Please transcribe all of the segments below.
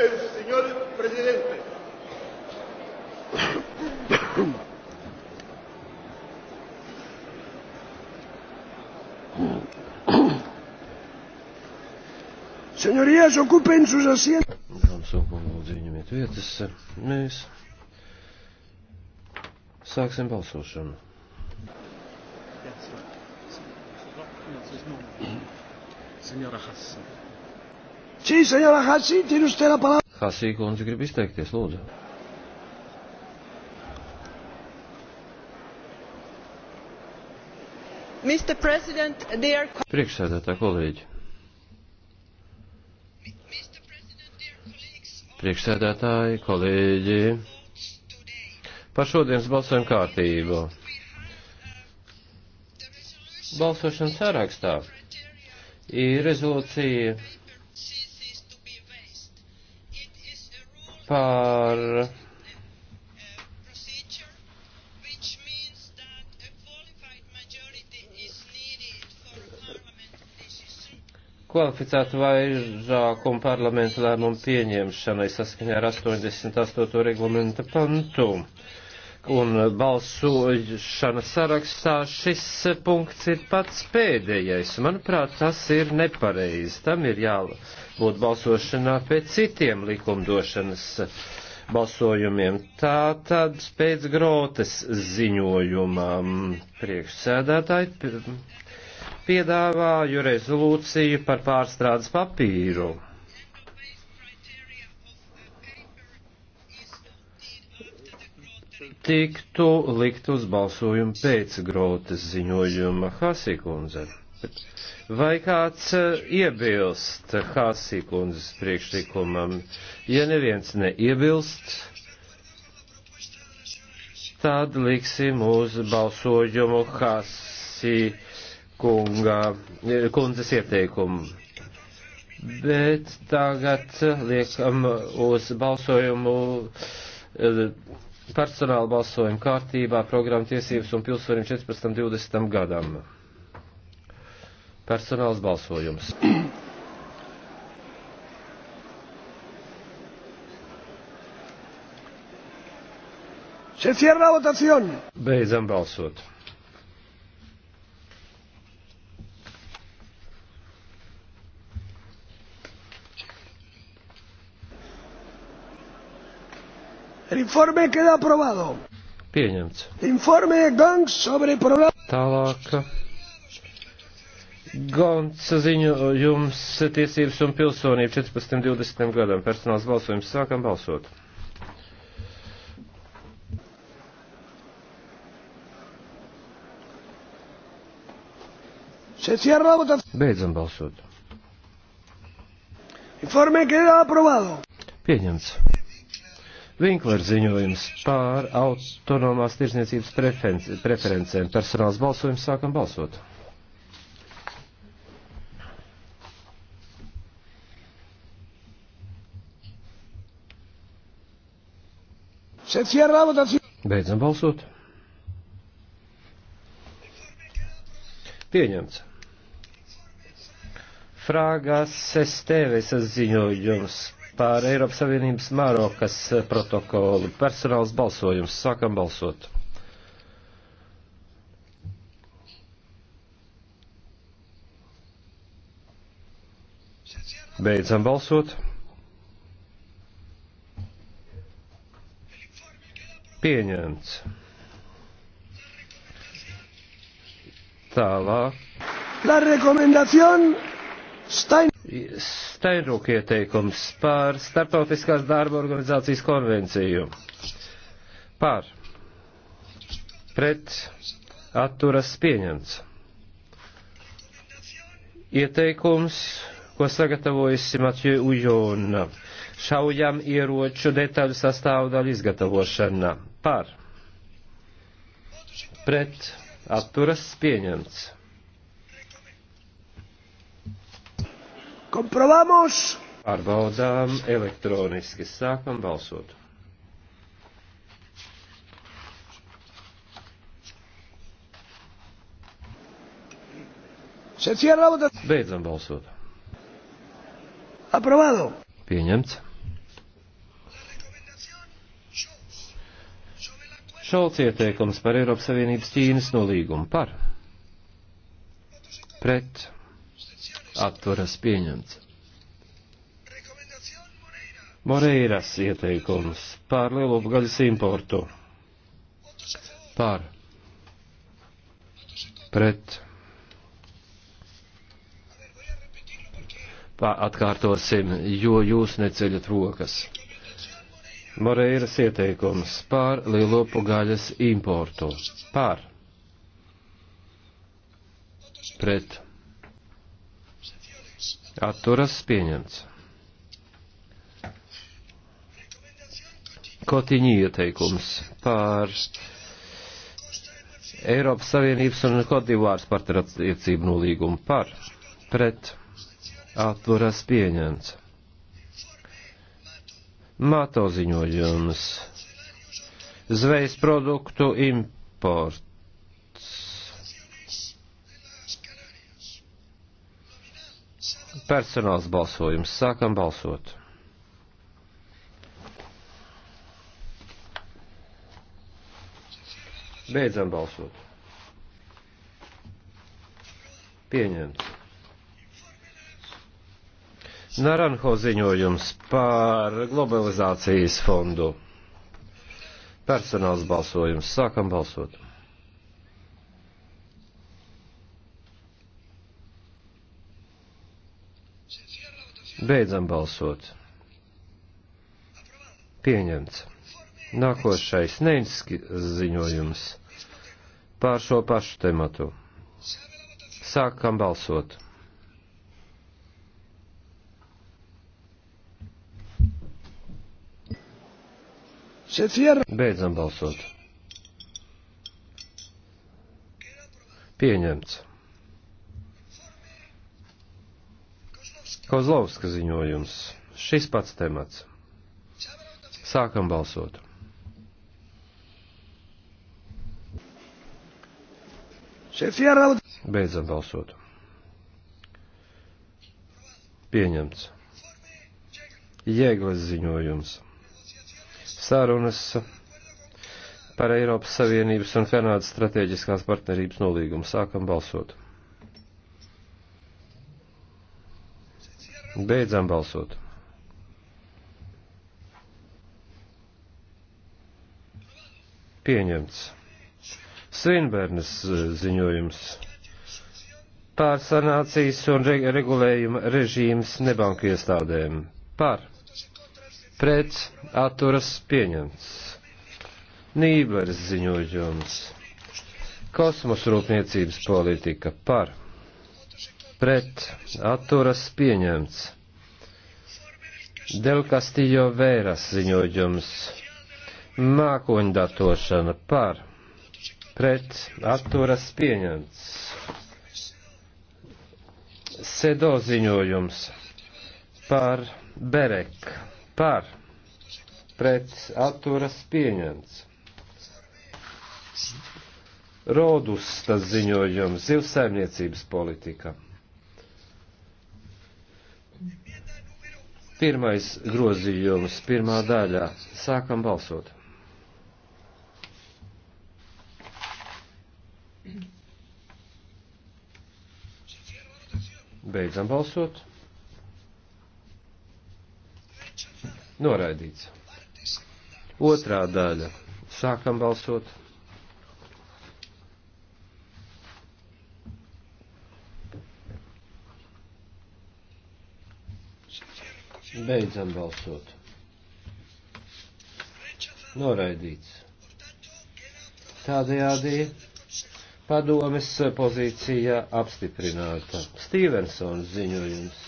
el señor presidente. Señorías, ocupen sus asientos. Mēs sāksim balsošanu. Senora Hassan. Sí, señora Hassi, tiene usted la palabra. Hassi, kundze grib izteikties, lūdzu. Dear... Priekšsēdētā kolēģi. Priekšsēdētāji, kolēģi. Par šodienas balsojumu kārtību. Balsošanas sarakstā ir rezolūcija par kvalificētu vairākumu parlamentu lēmumu pieņemšanai saskaņā ar 88. reglamenta pantu. Un balsošana sarakstā šis punkts ir pats pēdējais. Manuprāt, tas ir nepareizi. Tam ir jāla būt balsošanā pēc citiem likumdošanas balsojumiem. Tā tad pēc grotes ziņojumam priekšsēdētāji piedāvāju rezolūciju par pārstrādes papīru. tiktu likt uz balsojumu pēc grotas ziņojuma Hasikundze. Vai kāds eh, iebilst Hāsī kundzes priekšlikumam? Ja neviens neiebilst, tad liksim uz balsojumu Hāsī kunga, eh, kundzes ieteikumu. Bet tagad liekam uz balsojumu eh, personāla balsojuma kārtībā programma tiesības un pilsoņiem 14.20. gadam. Personāls balsojums. Se cierra la votación. Beidzam balsot. El informe queda aprobado. Pieņemts. Informe Gang sobre programa. Tālāk. Gons ziņu jums tiesības un pilsonība 14.20. gadam. Personāls balsojums sākam balsot. Beidzam balsot. Informe queda aprobado. Pieņemts. Vinklers ziņojums pār autonomās tirsniecības preferencēm. Personāls balsojums sākam balsot. Beidzam balsot. Pieņemts. Frāgās Sesteves ziņojums par Eiropas Savienības Mārokas protokolu. Personāls balsojums. Sākam balsot. Beidzam balsot. pieņemts. Tālāk. La rekomendācija Stein... Steinrūk ieteikums par Startautiskās darba organizācijas konvenciju. Pār. Pret. Atturas pieņemts. Ieteikums, ko sagatavojusi Matjē Ujona šaujam ieroču detaļu sastāvdaļu izgatavošanā. Par. Pret. Atturas pieņemts. Komprobamos! Pārbaudām elektroniski. Sākam balsot. Beidzam balsot. Aprobado. Pieņemts. Šolts ieteikums par Eiropas Savienības Ķīnas nolīgumu par pret atturas pieņemts. Moreiras ieteikums par lielopu gaļas importu par pret Pā, atkārtosim, jo jūs neceļat rokas. Moreiras ieteikums pār lielopu gaļas importu. Pār. Pret. Atturas pieņemts. Kotiņi ieteikums pār Eiropas Savienības un Kodivārs partnerattiecību nolīgumu par pret atturas pieņemts. Mato ziņojums. Zvejas produktu imports. Personāls balsojums. Sākam balsot. Beidzam balsot. Pieņemts. Naranho ziņojums par globalizācijas fondu. Personāls balsojums. Sākam balsot. Beidzam balsot. Pieņemts. Nākošais Neinski ziņojums pār šo pašu tematu. Sākam balsot. Beidzam balsot. Pieņemts. Kozlovska ziņojums. Šis pats temats. Sākam balsot. Beidzam balsot. Pieņemts. Jēglas ziņojums sarunas par Eiropas Savienības un Kanādas strateģiskās partnerības nolīgumu. Sākam balsot. Beidzam balsot. Pieņemts. Svinbērnes eh, ziņojums pārsanācijas un regulējuma režīms nebanku iestādēm. Par pret atturas pieņemts. Nībers ziņojums. Kosmosa rūpniecības politika par pret atturas pieņemts. Del Castillo Vēras ziņojums. Mākoņdatošana par pret atturas pieņemts. Sedo ziņojums par Berek par pret atturas pieņemts. Rodus tas ziņojums zivsaimniecības politika. Pirmais grozījums, pirmā daļā. Sākam balsot. Beidzam balsot. Noraidīts. Otrā daļa. Sākam balsot. Beidzam balsot. Noraidīts. Tādējādi padomes pozīcija apstiprināta. Stevensons ziņojums.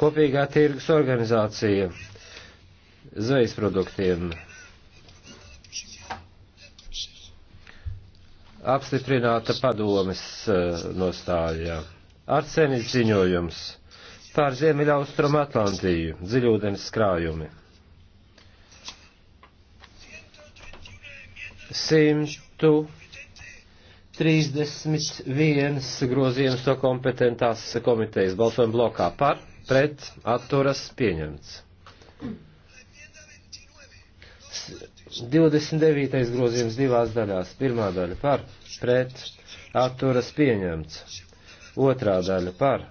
kopīgā tirgus organizācija zvejas produktiem. Apstiprināta padomes eh, nostāja. Arsenis ziņojums pār Ziemeļaustrumu Atlantiju, dziļūdens krājumi. 100 31 grozījums to kompetentās komitejas balsojuma blokā par, pret, atturas pieņemts. 29. grozījums divās daļās. Pirmā daļa par, pret, atturas pieņemts. Otrā daļa par,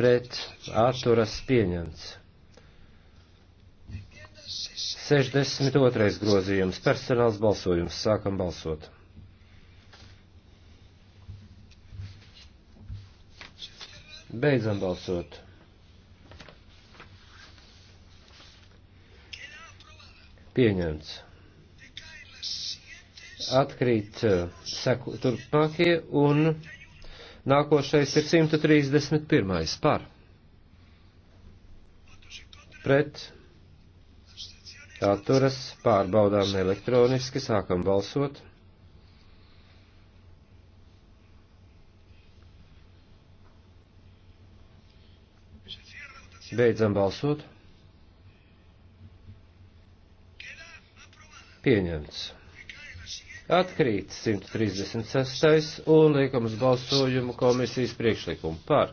pret, atturas pieņemts. 62. grozījums personāls balsojums. Sākam balsot. Beidzam balsot. Pieņemts. Atkrīt eh, seku, turpmākie un nākošais ir 131. par. Pret. Atturas pārbaudām elektroniski, sākam balsot. Beidzam balsot. Pieņemts. Atkrīt 136. un liekam uz balsojumu komisijas priekšlikumu par.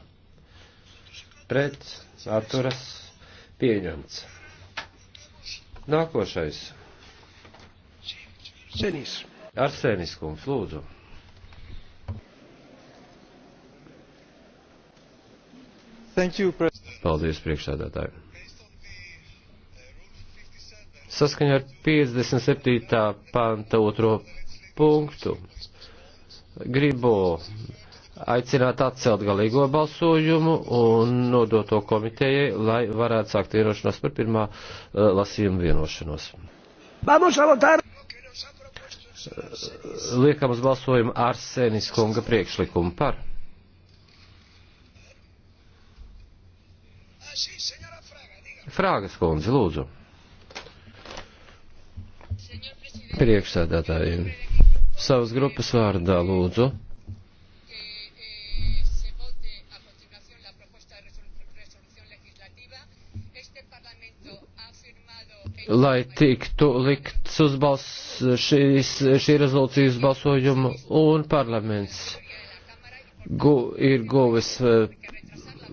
Pret atturas pieņemts. Nākošais. Senis. Arsenis kungs, lūdzu. Thank you, President. Paldies, priekšsēdētāji. Saskaņā ar 57. panta otro punktu gribu aicināt atcelt galīgo balsojumu un nodot to komitejai, lai varētu sākt vienošanos par pirmā uh, lasījuma vienošanos. Liekam uz balsojumu Arsenis kunga priekšlikumu par. Frāgas kundze, lūdzu. Priekšsēdētājiem. Savas grupas vārdā lūdzu. Eh, lai tiktu likts uz balss šīs, šī rezolūcija uz balsojumu un parlaments gu, ir guvis eh,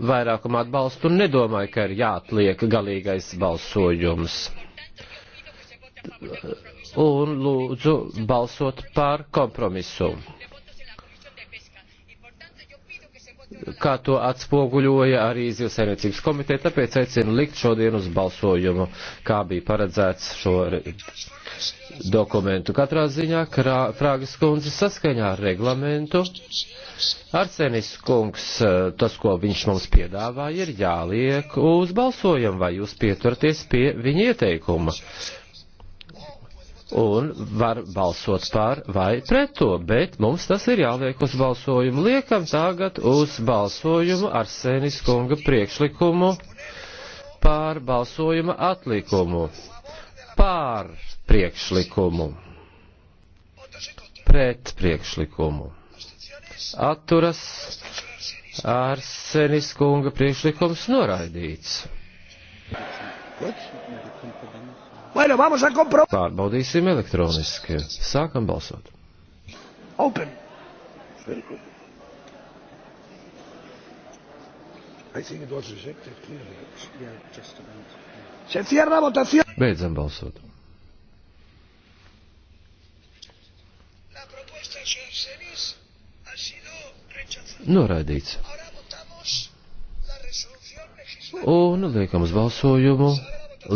vairākumu atbalstu un nedomāju, ka ir jāatliek galīgais balsojums. Un lūdzu balsot par kompromisu. Kā to atspoguļoja arī Zivsainiecības komiteja, tāpēc aicinu likt šodien uz balsojumu, kā bija paredzēts šo dokumentu. Katrā ziņā krā, Prāgas kundze saskaņā ar reglamentu. Arsenis kungs, eh, tas, ko viņš mums piedāvā, ir jāliek uz balsojumu, vai jūs pieturties pie viņa ieteikuma. Un var balsot pār vai pret to, bet mums tas ir jāliek uz balsojumu. Liekam tagad uz balsojumu Arsenis kunga priekšlikumu pār balsojuma atlikumu. Pār priekšlikumu. Pret priekšlikumu. Atturas Arsenis kunga priekšlikums noraidīts. Bueno, vamos a compro... Pārbaudīsim elektroniski. Sākam balsot. Open. I think it was rejected clearly. Yeah, just about. Se cierra votación. Beidzam balsot. Noraidīts. Un liekam uz balsojumu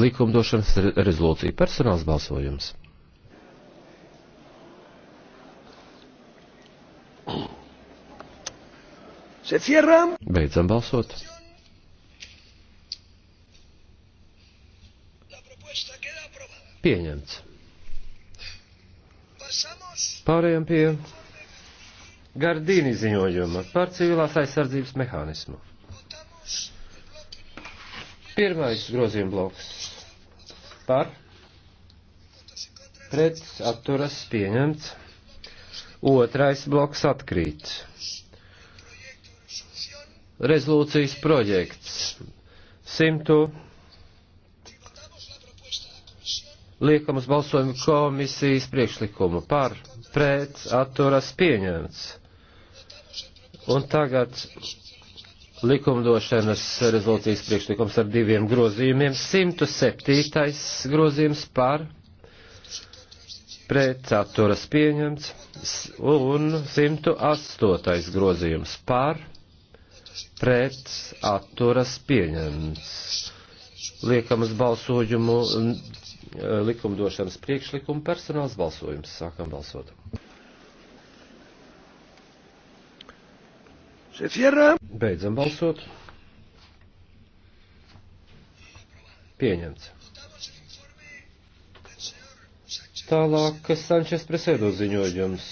likumdošanas rezolūciju. Personāls balsojums. Beidzam balsot. Pieņemts. Pārējām pie Gardīni ziņojuma par civilās aizsardzības mehānismu. Pirmais grozījuma bloks par pret atturas pieņemts. Otrais bloks atkrīt. Rezolūcijas projekts 100. Liekam uz balsojumu komisijas priekšlikumu par pret atturas pieņemts. Un tagad likumdošanas rezolūcijas priekšlikums ar diviem grozījumiem. 107. grozījums par pretsaturas pieņemts un 108. grozījums par pretsaturas pieņemts. Liekam uz balsojumu mm, likumdošanas priekšlikumu personāls balsojums. Sākam balsot. Beidzam balsot. Pieņemts. Tālāk Sančes presēdo ziņojums.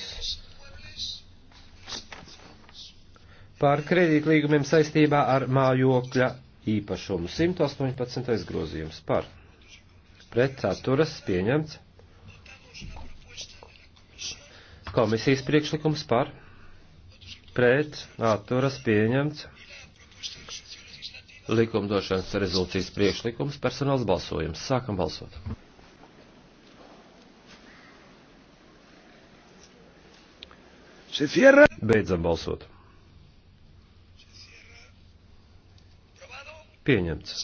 Pār kredītlīgumiem saistībā ar mājokļa īpašumu 118. grozījums par. Pret saturas pieņemts. Komisijas priekšlikums par pret atturas pieņemts likumdošanas rezolūcijas priekšlikums personāls balsojums. Sākam balsot. Beidzam balsot. Pieņemts.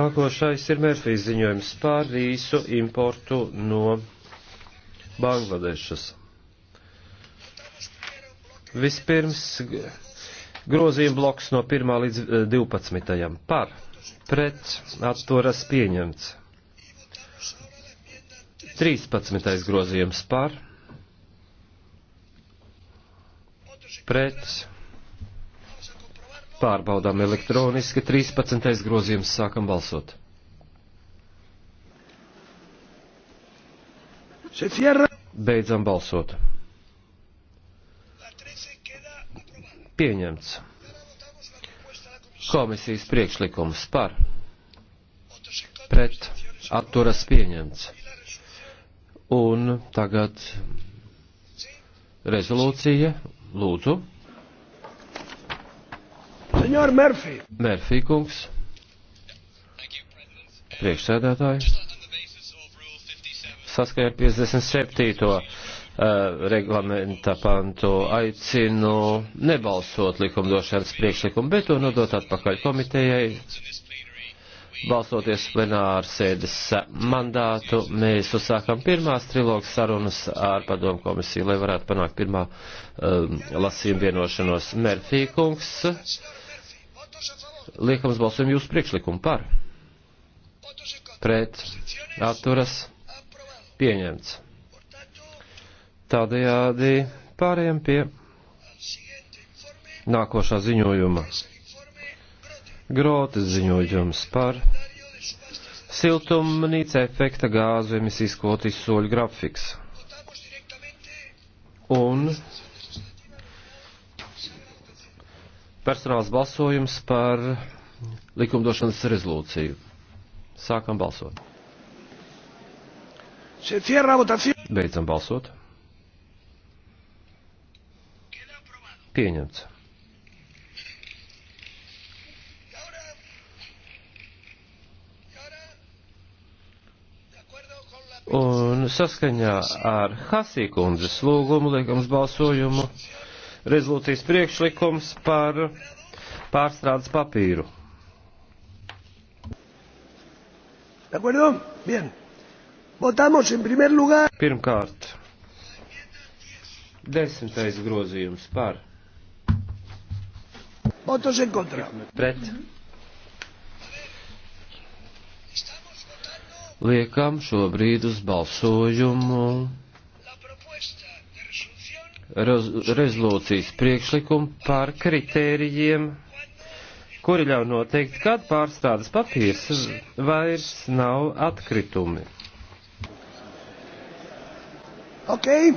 Nākošais ir Mērfijas ziņojums par rīsu importu no Bangladešas. Vispirms grozījuma bloks no 1 līdz 12. Eh, par pret atturas pieņemts. 13. grozījums par pret pārbaudām elektroniski 13. grozījums sākam balsot. Beidzam balsot. pieņemts komisijas priekšlikums par pret atturas pieņemts. Un tagad rezolūcija, lūdzu. Senjor Murphy. Murphy kungs. Priekšsēdētāji. Saskaņā 57. Eh, reglamenta pantu aicinu nebalsot likumdošanas priekšlikumu, bet to nodot atpakaļ komitejai. Balsoties plenāru sēdes mandātu, mēs uzsākam pirmās trilogas sarunas ar padomu komisiju, lai varētu panākt pirmā um, lasījuma vienošanos. Merfī kungs, liekams balsojam jūsu priekšlikumu par. Pret. Atturas. Pieņemts. Tādējādi pāriem pie nākošā ziņojuma. Grotas ziņojums par siltumnīca efekta gāzu emisijas kvotu izsoļu grafiks. Un personāls balsojums par likumdošanas rezolūciju. Sākam balsot. Beidzam balsot. Pieņemts. Un saskaņā ar Hasīkundzes lūgumu liekams balsojumu rezolūcijas priekšlikums par pārstrādes papīru. ¿De acuerdo? Bien. Votamos en primer lugar. Pirmkārt, desmitais grozījums par. Votos en contra. Pret. Liekam šobrīd uz balsojumu rezolūcijas priekšlikumu par kritērijiem, kuri ļauj noteikt, kad pārstrādes papīrs vairs nav atkritumi. Okay.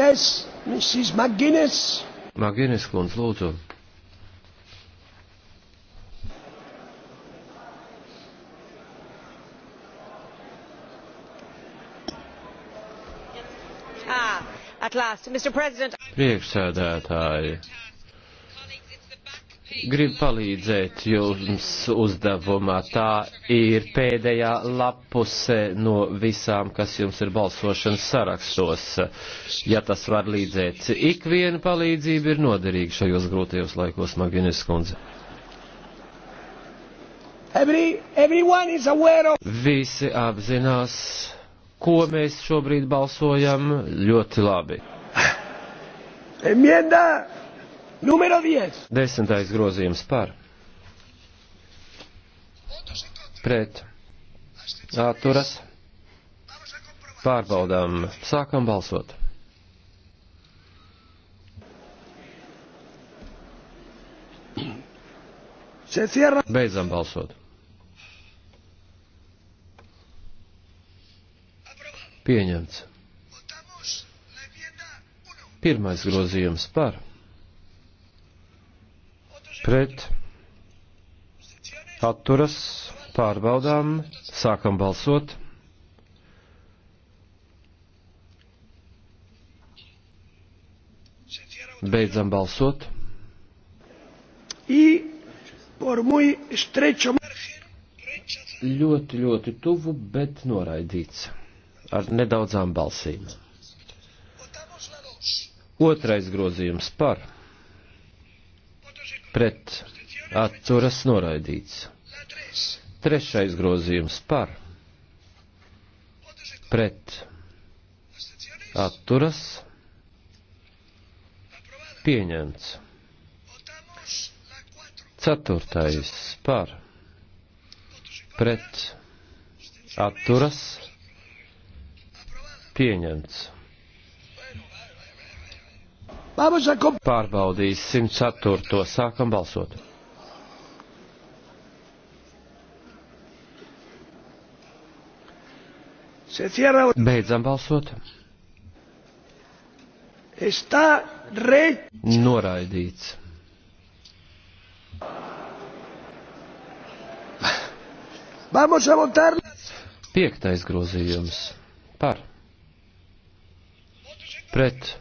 Yes, Mrs. McGuinness. McGuinness, kundz, lūdzu. Ah, at last, Mr. President. Priekšsēdētāji grib palīdzēt jums uzdevumā. Tā ir pēdējā lapuse no visām, kas jums ir balsošanas sarakstos, ja tas var līdzēt. Ikviena palīdzība ir noderīga šajos grūtajos laikos, Magdienes kundze. Every, of... Visi apzinās, ko mēs šobrīd balsojam ļoti labi. Enmienda Numero 10. Desmitais grozījums par. Pret. Atturas. Pārbaudām. Sākam balsot. Beidzam balsot. Pieņemts. Pirmais grozījums par pret, atturas, pārbaudām, sākam balsot. Beidzam balsot. I por muy estrecho margen. Ļoti, ļoti tuvu, bet noraidīts ar nedaudzām balsīm. Otrais grozījums par pret atturas noraidīts. Trešais grozījums par pret atturas pieņemts. Ceturtais par pret atturas pieņemts. Pārbaudīs 104. Sākam balsot. Beidzam balsot. Noraidīts. Vamos a votar. Piektais grozījums par pret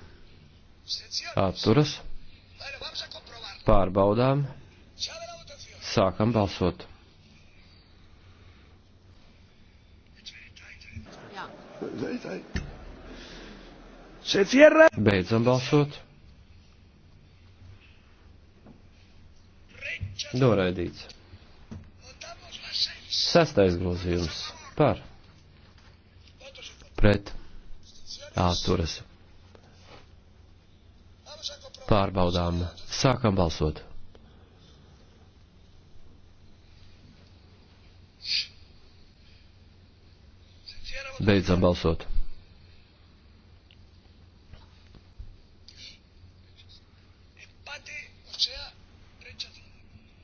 atturas, pārbaudām, sākam balsot. Beidzam balsot. Noraidīts. Sestais grozījums par pret atturas pārbaudām. Sākam balsot. Beidzam balsot.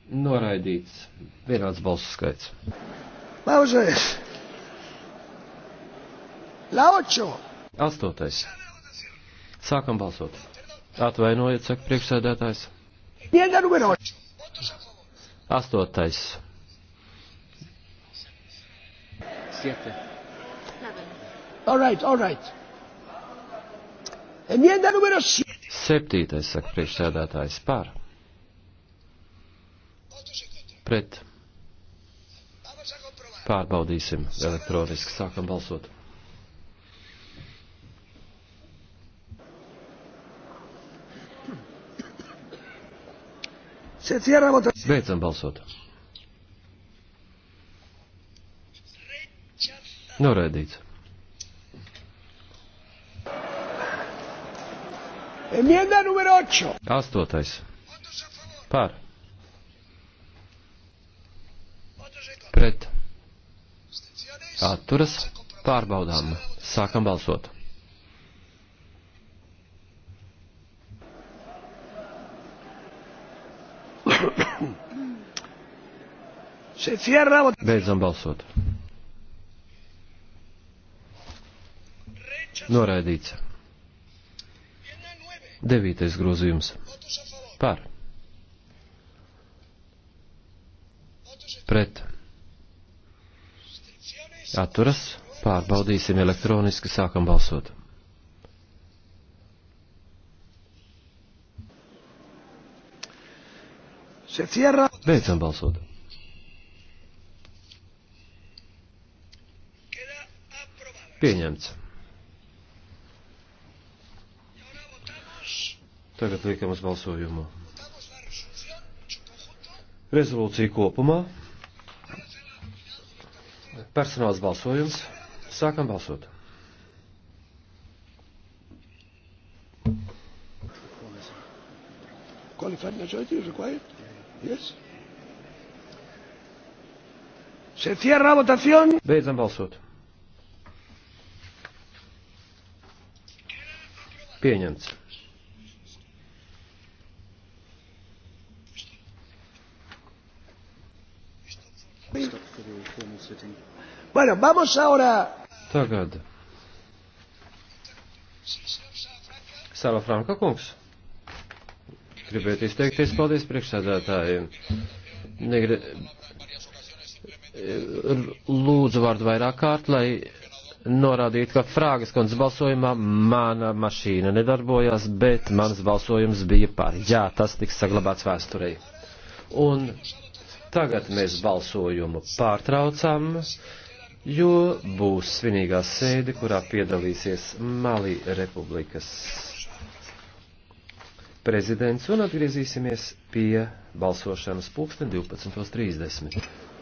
Noraidīts vienāds balsu skaits. Laužais! Laučo! Astotais. Sākam balsot. Atvainojiet, saka priekšsēdētājs. Astotais. Siete. All right, all right. Enmienda número 7. Septītais, saka priekšsēdētājs, par. Pret. Pārbaudīsim elektroniski, sākam balsot. Beidzam balsot. Noraidīts. Enmienda numero 8. Astotais. Par. Pret. Atturas. Pārbaudām. Sākam balsot. Beidzam balsot. Noraidīts. Devītais grozījums. Par. Pret. Atturas. Pārbaudīsim elektroniski. Sākam balsot. Beidzam balsot. Pieņemts. Tagad liekam uz balsojumu. Rezolūcija kopumā. Personāls balsojums. Sākam balsot. Qualified majority is required? Yes. Se cierra votación. Beidzam balsot. pieņemts. Bueno, vamos ahora. Tagad. Sala Franka kungs. Gribētu izteikties paldies priekšsēdētājiem. Negri... Lūdzu vārdu vairāk kārt, lai norādīt, ka Frāgas kundzes balsojumā mana mašīna nedarbojās, bet mans balsojums bija par. Jā, tas tiks saglabāts vēsturē. Un tagad mēs balsojumu pārtraucam, jo būs svinīgā sēde, kurā piedalīsies Mali Republikas prezidents un atgriezīsimies pie balsošanas pulksten 12.30.